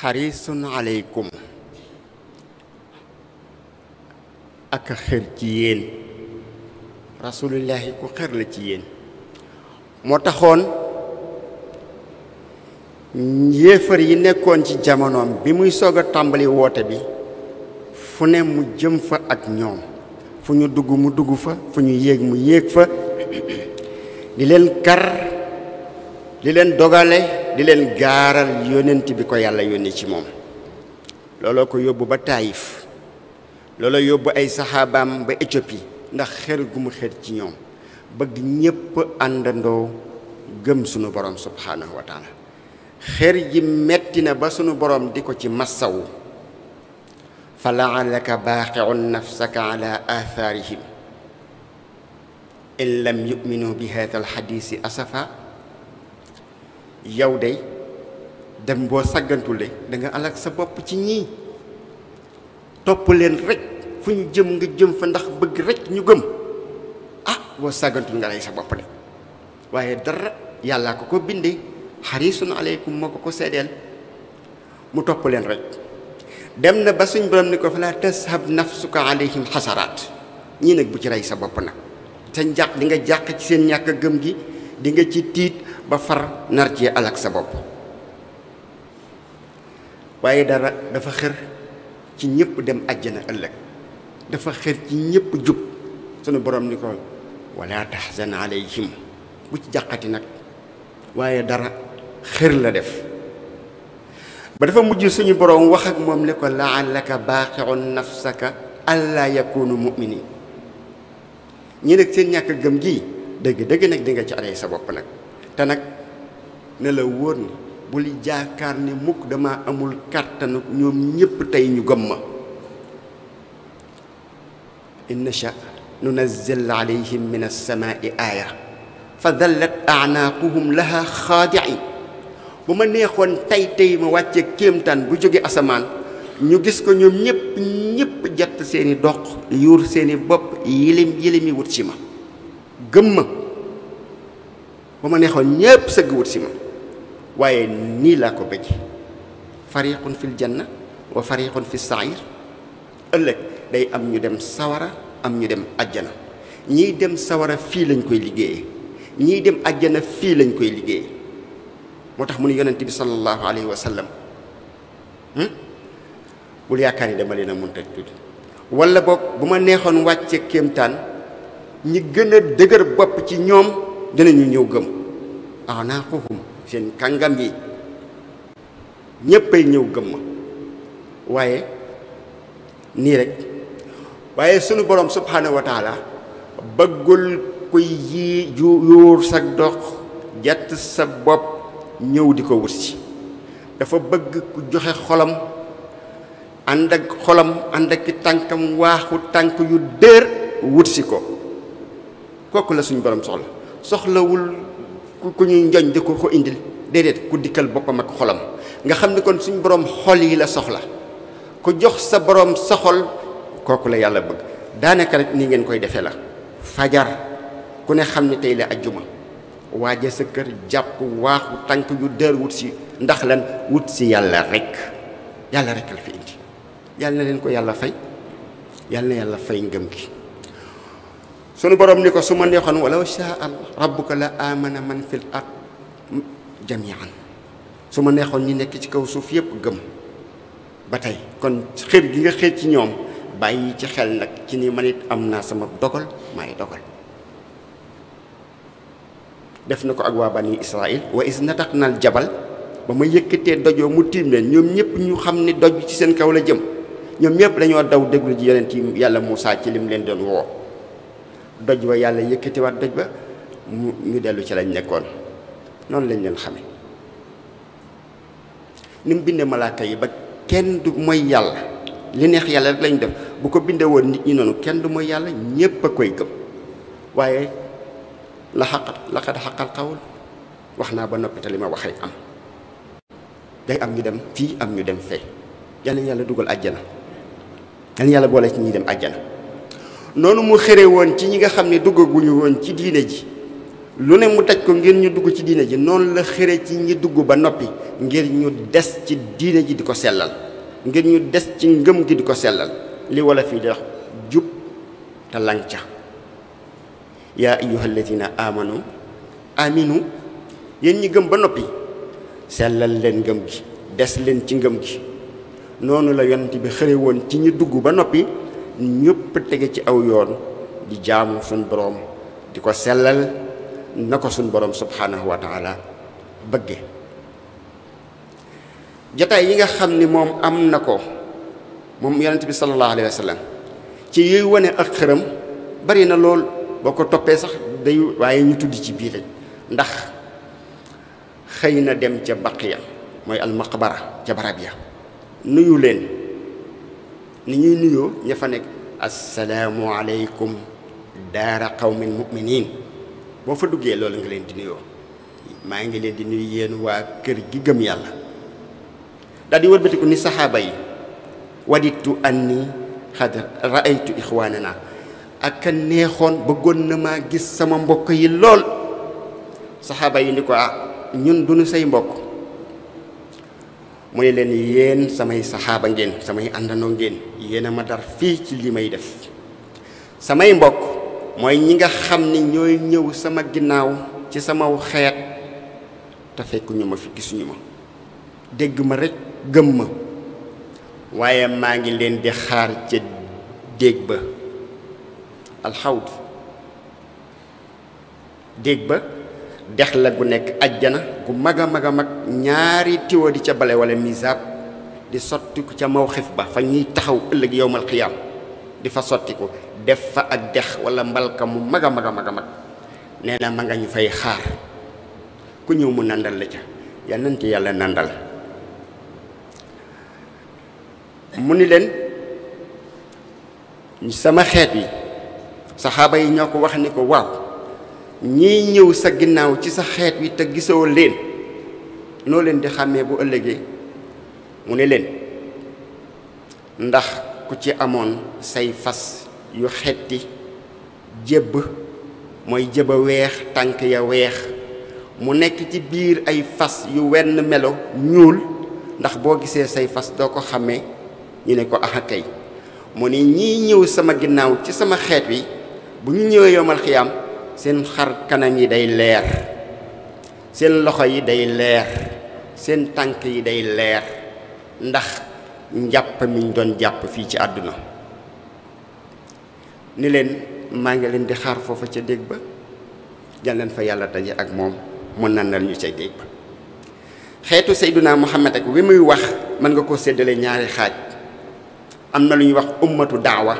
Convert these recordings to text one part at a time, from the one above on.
xarisun aleykum ak xër ci yéen rasulillahi ku xër la ci yéen moo taxoon yéefar yi nekkoon ci jamonoom bi muy soog a tàmbali woote bi fu ne mu jëm fa ak ñoom fu ñu dugg mu dugg fa fu ñu yéeg mu yéeg fa di leen kar di leen dogale di leen gaaral yonent bi ko yàlla yónnee ci moom looloo ko yóbbu ba Taïf looloo yóbbu ay saxaabaam ba Éthiopie ndax xer gu mu xer ci ñoom bëgg ñépp àndandoo gëm sunu borom subhaanahu wa taala xer ji metti na ba sunu boroom di ko ci massawu fa laalaka baaxiun nafsaka ala in lam yuminu bi haadal xadiisi asafa yow day dem boo sàggantule da nga alak sa bopp ci ñii topp leen rekk fu ñu jëm nga jëm fa ndax bëgg rek ñu gëm ah boo sàggantul nga rey sa bopp de waaye dara yàlla ko ko bindee xarisun aleykum moo ko ko seddeel mu topp leen rek dem na ba suñ borom ni ko fa laa tashab nafsuka aleyhim xasaraat ñii nag bu ci rey sa bopp nag sa njàq di nga jàq ci seen ñàkk gëm gi di ci tiit ba far nar ci alak sa bopp waaye dara dafa xër ci ñëpp dem àjjana ëllëg dafa xër ci ñëpp jub sunu borom ni ko wala tahzan alayhim bu ci jàqati nag waaye dara xër la def ba dafa mujj suñu borom wax ak moom ne ko laallaka baaxiun nafsaka allaa yakunu muminin ñi nag seen ñàkk gëm gi dëgg dëgg nag di ci alay sa bopp nag te nag ne la wóor ni bul jaakaar ne mukk dama amul kàttanu ñoom ñépp tey ñu gëm ma in nasha nunazzil alayhim min as-samaa'i ma neexoon tey tey ma wàcce kéemtaan bu jóge asamaan ñu gis ko ñoom ñépp ñépp jatt seeni dox yuur seeni bopp yilim yilimi wut si ma gëm ba ma neexoon ñépp sëgg wut si ma waaye nii laa ko bëgg fariqun fil janna wa fariqun fi sair ëllëg day am ñu dem sawara am ñu dem ajjana ñiy dem sawara fii lañ koy liggéeye ñiy dem ajjana fii lañ koy liggéeyee moo tax mu ne yonent bi sallallahu alayhi wa sallam hmm? bul yaakaar ni dama leen a mënta tudd wala boog bu ma neexoon wàcce kéemtaan ñi gën dëgër bopp ci ñoom dinañu ñëw gëm anaaquhum seen kàngam yi ñéppay ñëw gëm waaye nii rek waaye sunu borom subhanahu wa taala bëggul kuy yii yuur sa dox jatt sa bopp ñëw di ko wut si dafa bëgg ku joxe xolam ànd ak xolam ànd ak tànkam waaxu tànk yu dër wut si ko kooku la suñu borom soxla soxlawul ku ñuy njoñ di ko ko indil déedéet ku dikkal boppam ak xolam nga xam ni kon suñ borom xol yi la soxla ku jox sa borom sa xol kooku la yàlla bëgg daanaka rek ni ngeen koy defee la fajar ku ne xam ne tey la ajjuma waaja sa kër jàpp waaxu tànk yu dër wut si ndax lan wut si yàlla rekk yàlla rek la fi indi yàlla na leen ko yàlla fay yàlla na yàlla fay ngëm gi sunu boroom ni ko su ma neexoon walaw shaa rabbuka la amana man fil ard jamian su ma neexoon ñi nekk ci kaw suuf yépp gëm ba tey kon xër gi nga xër ci ñoom bàyyi ci xel nag ci ni man am naa sama dogal maay dogal def na ko ak waa bani israil wa is nataqnal jabal ba ma yëkkatee dojoo mu tiim leen ñoom ñëpp ñu xam ni doj ci seen kaw la jëm ñoom ñëpp dañoo daw déglu ji yeneen yi yàlla Muusaa ci lim leen doon woo doj wa yàlla yëkkatiwaat doj ba mu ñu dellu ci lañ nekkoon noonu lañ leen xame ni bindee malaaka yi ba kenn du mooy yàlla li neex yàlla rek lañ def bu ko bindee woon nit ñi noonu kenn du mooy yàlla ñépp a koy gëm waaye la xaq laqad xaqal xawul wax naa ba noppi li ma waxee am day am ñu dem fii am ñu dem fee yàlla yàlla dugal àjjana yàlla yàlla boole si ñuy dem àjjana noonu mu xëre woon ci ñi nga xam ne duggaguñu woon ci diine ji lu ne mu taj ko ngir ñu dugg ci diine ji noonu la xëre ci ñi dugg ba noppi ngir ñu des ci diine ji di ko sellal ngir ñu des ci ngëm gi di ko sellal li wala fii di wax jub te lanca yaa amanu aminu yéen ñi gëm ba noppi sellal leen ngëm gi des leen ci ngëm gi noonu la yonent bi xëre woon ci ñi dugg ba noppi ñëpp tege ci aw yoon di jaamu suñ boroom di ko sellal na ko suñ boroom subhaanahu wa taala bëgge jataay yi nga xam ni moom am na ko moom yonent bi sallallahu alayhi wa ci yooyu wane ak xëram bari na lool boo ko toppee sax day waaye ñu tudd ci biir ndax xëy na dem ca ya mooy almaqbara ca barab ya nuyu leen ni ñuy nuyoo ña fa nekk asalaamu aleykum daara qawmin muminin boo fa duggee loolu nga leen di nuyoo maa ngi leen di nuyu yéen waa kër gi gëm yàlla daal di wëlbatiku ni saxaaba yi waditu anni xad raaytu ixwaanana ak a neexoon bëggoon na ma gis sama mbokk yi lool saxaaba yi ni ko ah ñun duñu say mbokk mu ne leen yéen samay saxaaba ngeen samay àndandoo ngeen yéen ma dar fii ci li may def samay mbokk mooy ñi nga xam ni ñooy ñëw sama ginnaaw ci samaw xeet te ma fi gisuñu ma dégg ma rekk gëm ma waaye maa ngi leen di xaar ca déeg ba alxawd déeg ba dex la gu nekk ajjana gu mag a mag a mag ñaari tiwa di ca bale wala misaab di sottiku ca maw mawxif ba fa ñuy taxaw ëllëg yowmal xiyaam di fa sottiku def fa ak dex wala mbalka mu mag a mag a mag nee na ma ñu fay xaar ku ñëw mu nandal la ca yànnante yàlla nàndal mu ni leen sama xeet yi saxaaba yi ñoo ko wax ni ko waaw ñiy ñëw sa ginnaaw ci sa xeet wi te gisoo leen noo leen di xàmmee bu ëllëgee mu ne leen ndax ku ci amoon say fas yu xetti jébb mooy jëba weex tànk ya weex mu nekk ci biir ay fas yu wenn melo ñuul ndax boo gisee say fas doo ko xàmmee ñu ne ko ax kay mu ne ñii ñëw sama ginnaaw ci sama xeet wi bu ñu ñëwee yomal xiyaam seen xar kanam yi day leer seen loxo yi day leer seen tànk yi day leer ndax njàpp miñ doon jàpp fii ci àdduna ni leen maa ngi leen di xaar foofa ca dégg ba jal leen fa yàlla daje ak moom mun na nal ñu ca dégg ba xeetu Seydunaa Muhammad ak wi muy wax mën nga koo séddalee ñaari xaaj am na lu ñuy wax ummatu daawa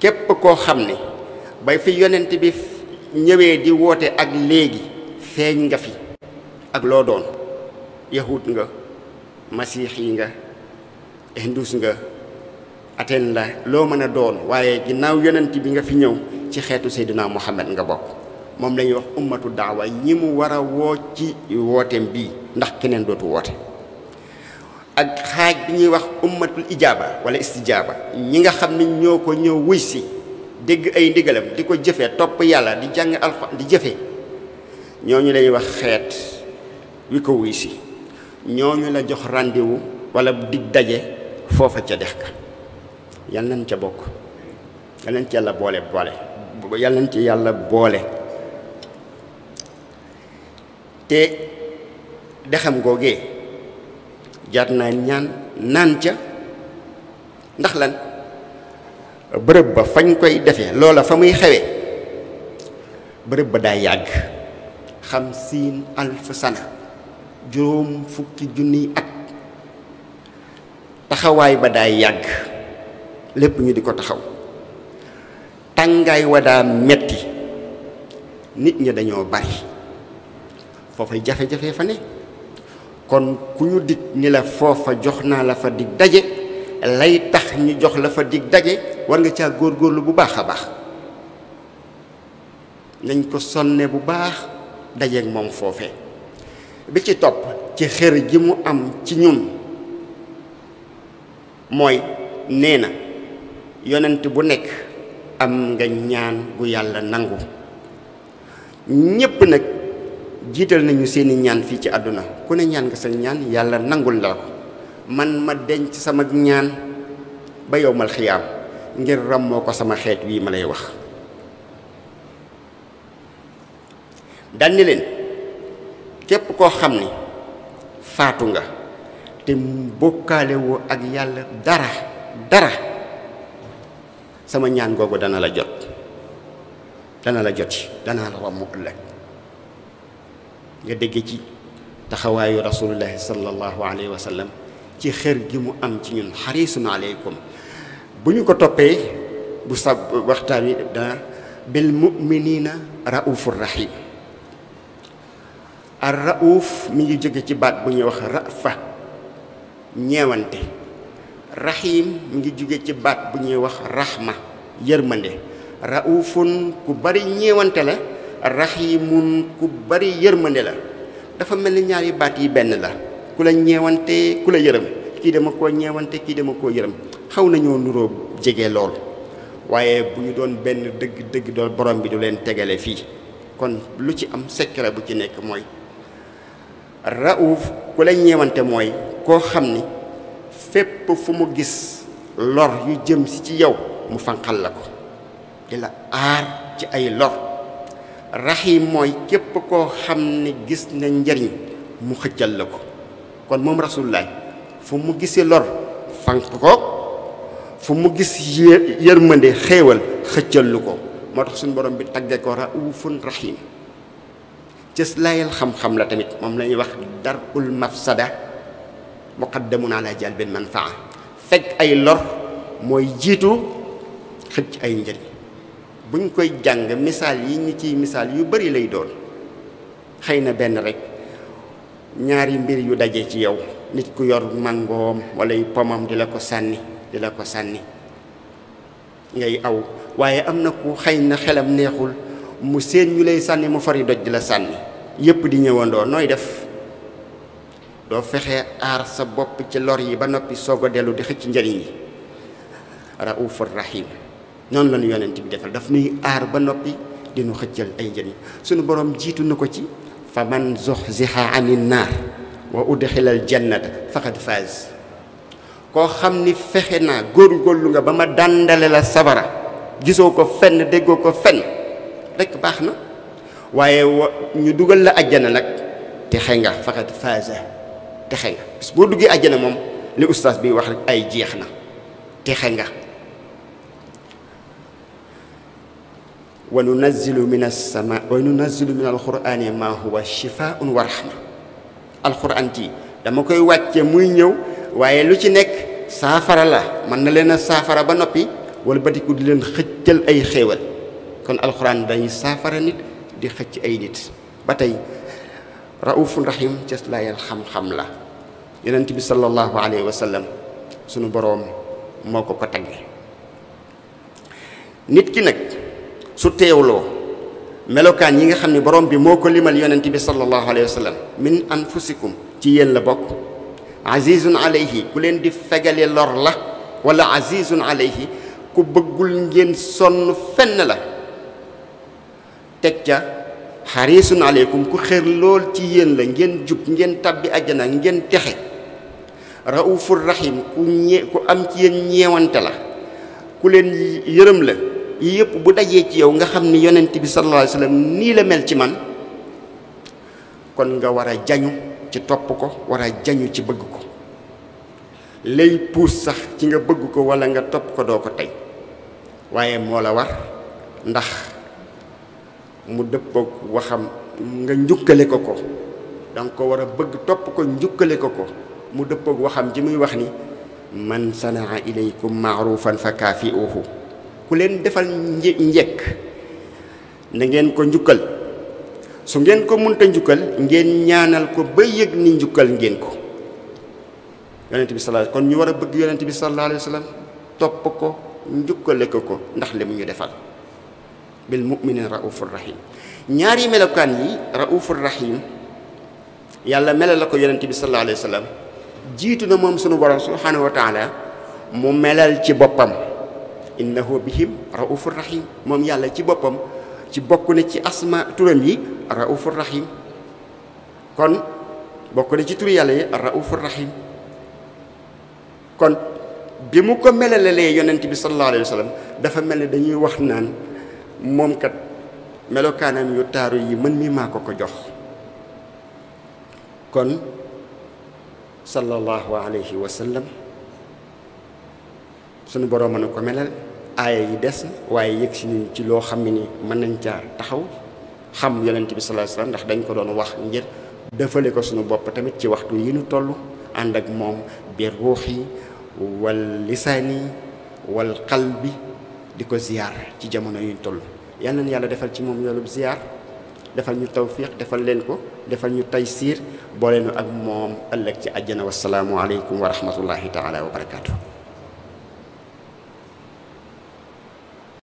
képp koo xam ni bay fi yonent bi ñëwee di woote ak léegi feeñ nga fi ak loo doon yahud nga masiix yi nga hindus nga athène la loo mën a doon waaye ginnaaw yonent bi nga fi ñëw ci xeetu seydina muhammad nga bokk moom la ñuy wax ummatu daawa ñi mu war a woo ci wooteem bii ndax keneen dootu woote ak xaaj bi ñuy wax ummatul ijaaba wala istijaaba ñi nga xam ni ñoo ko ñëw wuy si dégg ay ndigalam di ko jëfee topp yàlla di jàng alxuraan di jëfe ñooñu lay wax xeet wi ko wuy si ñooñu la jox rendez-vous wala dig daje foofa ca dex ka yal nañ ca bokk yal nañ ci yàlla boole boole yal nañ ci yàlla boole te dexam googee jaar naa ñaan naan ca ndax lan bërëb ba fañ koy defee loola fa muy xewe bërëb ba daay yàgg xamsiin alf sana juróom fukki junniy ak taxawaay ba daay yàgg lépp ñu di ko taxaw tàngaay wa daa metti nit ñi dañoo bari foofay jafe-jafe fa ne kon ku ñu dig ni la foofa jox naa la fa dig daje lay tax ñu jox la fa digg daje war nga góor góorlu bu baax a baax nañ ko sonne bu baax dajeeg moom foofe bi ci topp ci xër ji mu am ci ñun mooy nee na yonent bu nekk am nga ñaan gu yàlla nangu ñépp nag jiital nañu seeni ñaan fii ci àdduna ku ne ñaan nga sa ñaan yàlla nangul la ko man ma denc sama ñaan ba yowmal xiyaam ngir ràmmoo ko sama xeet wii ma lay wax danni leen képp koo xam ni faatu nga te bokkaale woo ak yàlla dara dara sama ñaan googu dana la jot dana la joti danaa la ràmmu ëllëg nga dégg ci taxawaayu rasulullahi sallallahu alayhi wa ci xër gi mu am ci ñun xarisun aleykum bu ñu ko toppee bu sab waxtaan wi dana bil muminina raufur rahim ar rauf mi ngi jóge ci baat bu ñuy wax rafa ñeewante rahim mi ngi jóge ci bu ñuy wax rahma yërmande raufun ku bari ñeewante la rahimun ku bari yërmande la dafa mel ni ñaari baat yi benn la ku la ñeewante ku la yërëm kii dama koo ñeewante kii dama koo yërëm xaw nañoo nuroo jege lool waaye bu ñu doon benn dëgg dëgg doon borom bi du leen tegale fii kon lu ci am secret bu ci nekk mooy raouf ku la ñeewante mooy koo xam ni fépp fu mu gis lor yu jëm si ci yow mu fanqal la ko di la aar ci ay lor raxiim mooy képp koo xam ni gis na njariñ mu xëccal la ko kon moom rasulullah fu mu gisee lor fànq ko fu mu gis yërmande xéewal xëccal ko moo tax suñu borom bi tagge ko raufun rahim cës laayal xam-xam la tamit moom la ñuy wax darul mafsada muqaddamun ala jalbil manfaa fekk ay lor mooy jiitu xëcc ay njëriñ buñ koy jàng misaal yi ñu ciy misaal yu bari lay doon xëy na benn rekk ñaari mbir yu daje ci yow nit ku yor màngoom walla yu pomam di la ko sànni di la ko sànni ngay aw waaye am na ku xëy na xelam neexul mu seen ñu lay sànni mu fari doj di la sànni yépp di ñëwandoo nooy def doo fexe aar sa bopp ci lor yi ba noppi soog a dellu di xëcc njëriñ yi raufur rahim noonu la ñu yonent bi defal daf nuy aar ba noppi dinu nu xëccal ay njëriñ sunu borom jiitu na ko ci fa man zuxziha anin naar wa udxilal jannata faqad faaz koo xam ni fexe naa góor góorlu nga ba ma dàndale la sabara gisoo ko fenn déggoo ko fenn rekk baax na waaye wa ñu dugal la ajjana nag texe nga faqad faaza texe nga bis boo duggee ajjana moom li ustaas bi wax ay jeex na texe nga wa nunazzilu min as-sama wa nunazzilu min alqurani ma huwa shifaun wa rahma alquran ji dama koy wàcce muy ñëw waaye lu ci nekk saafara la mën na leen a saafara ba noppi wala batiku di leen xëccal ay xéewal kon alquran day saafara nit di xëcc ay nit ba tey raufun rahim cëslaayal xam-xam la yonent bi sallallahu alayhi wa sallam sunu boroom moo ko ko tagge nit ki nag su teewloo melokaan yi nga xam ni borom bi moo ko limal yonent bi sallallahu alayhi wa sallam min anfusikum ci yéen la bokk azizun alayhi ku leen di fegale lor la wala azizun alayhi ku bëggul ngeen sonn fenn la teg ca xarisun aleykum ku xër lool ci yéen la ngeen jub ngeen tabbi àjjana ngeen texe raufur rahim ku ñe ku am ci yéen ñeewante la ku leen yërëm la yëpp bu dajee ci yow nga xam ni yonent bi sallallahu alayhi wa sallam nii la mel ci man kon nga war a jañu ci topp ko war a jañu ci bëgg ko lay puus sax ci nga bëgg ko wala nga topp ko doo ko tey waaye moo la war ndax mu dëppook waxam nga njukkale ko ko danga ko war a bëgg topp ko njukkale ko ko mu dëppook waxam ji muy wax ni man sanaa ilaykum maarufan fa kaafiuhu ku leen defal nje njekk na ngeen ko njukkal su ngeen ko munta njukkal ngeen ñaanal ko ba yëg ni njukkal ngeen ko yonent bi sallallahu kon ñu war a bëgg yonent bi sallallahu alayhi wa topp ko njukkale ko ko ndax li mu ñu defal bil mu'minin raufur rahim ñaari melokaan yi raufur rahim yàlla melal la ko yonent bi sallallahu alayhi wa sallam jiitu na moom sunu borom subhanahu wa taala mu melal ci boppam innahu bihim raufur rahim moom yàlla ci boppam ci bokk na ci asma turam yi raufur rahim kon bokk na ci turi yàlla yi raufur rahim kon bi mu ko melalalee yonent bi sallallahu alayhi dafa mel ne dañuy wax naan moom kat melokaanam yu taaru yi mën mi maa ko ko jox kon sallallahu alayhi wa sallam sunu boroom na ko melal aaya yi des waaye yëg si ñu ci loo xam ne ni mën nañ caa taxaw xam yonent bi sallallahu alayhi ndax dañ ko doon wax ngir dëfale ko suñu bopp tamit ci waxtu yi ñu toll ànd ak moom biir ruux yi wal lisaan yi wal qalbi di ko ziyaar ci jamono yu ñu toll yal nañu yàlla defal ci moom yoolub ziyaar defal ñu tawfiq defal leen ko defal ñu taysiir boo nu ak moom ëllëg ci àjjana wassalaamu aleykum wa rahmatullahi taala wa barakaatu